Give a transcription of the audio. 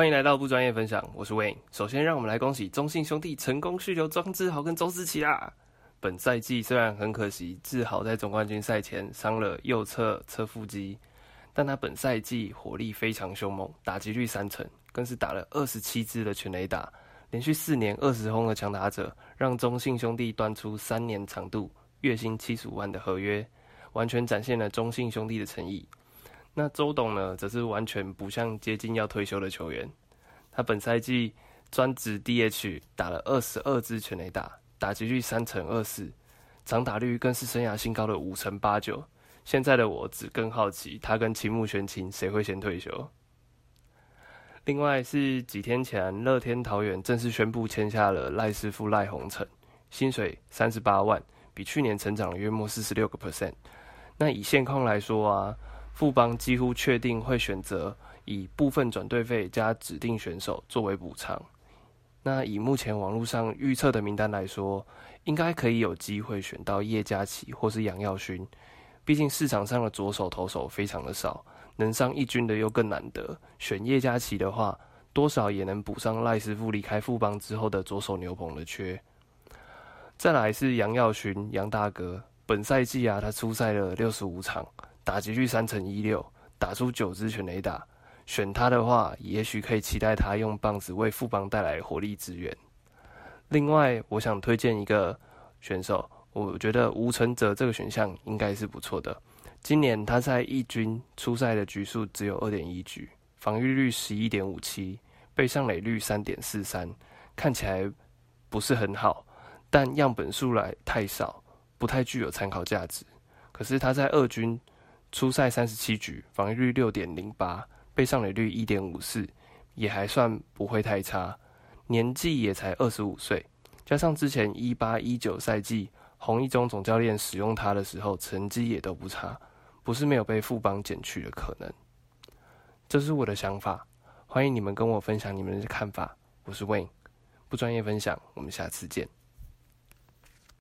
歡迎來到不專業分享，我是 Wayne。首先，讓我們來恭喜中信兄弟成功續留張志豪跟周思齊啦。本賽季雖然很可惜，志豪在總冠軍賽前傷了右側側腹肌，但他本賽季火力非常凶猛，打擊率三成，更是打了二十七支的全壘打，連續四年二十轟的強打者，讓中信兄弟端出三年長度、月薪七十五萬的合約，完全展現了中信兄弟的誠意。那周董呢，則是完全不像接近要退休的球員。他本賽季專職 DH 打了二十二支全壘打，打擊率三成二四，長打率更是生涯新高的五成八九。現在的我只更好奇，他跟青木宣親誰會先退休？另外是幾天前，樂天桃猿正式宣布簽下了賴師傅賴鴻誠，薪水三十八萬，比去年成長了約莫四十六個 percent。那以現況來說啊。富邦幾乎確定會選擇以部分轉隊費加指定選手作為補償。那以目前網絡上預測的名單來說，應該可以有機會選到葉佳琦或是楊耀勳。畢竟市場上的左手投手非常的少，能上一軍的又更難得。選葉佳琦的話，多少也能補上賴師傅離開富邦之後的左手牛棚的缺。再來是楊耀勳，楊大哥，本賽季啊，他出賽了六十五場。打擊率三成一六，16, 打出九支全壘打，選他的話，也許可以期待他用棒子為富邦帶來火力支援。另外，我想推薦一個選手，我覺得吳承哲這個選項應該是不錯的。今年他在一軍出賽的局數只有二點一局，防御率十一點五七，被上壘率三點四三，看起來不是很好，但樣本數來太少，不太具有參考價值。可是他在二軍。初賽三十七局，防禦率六點零八，被上壘率一點五四，也還算不會太差。年紀也才二十五歲，加上之前一八一九賽季紅一中總教練使用他的時候，成績也都不差，不是沒有被富邦減去的可能。這是我的想法，歡迎你們跟我分享你們的看法。我是 Wayne，不專業分享，我們下次見。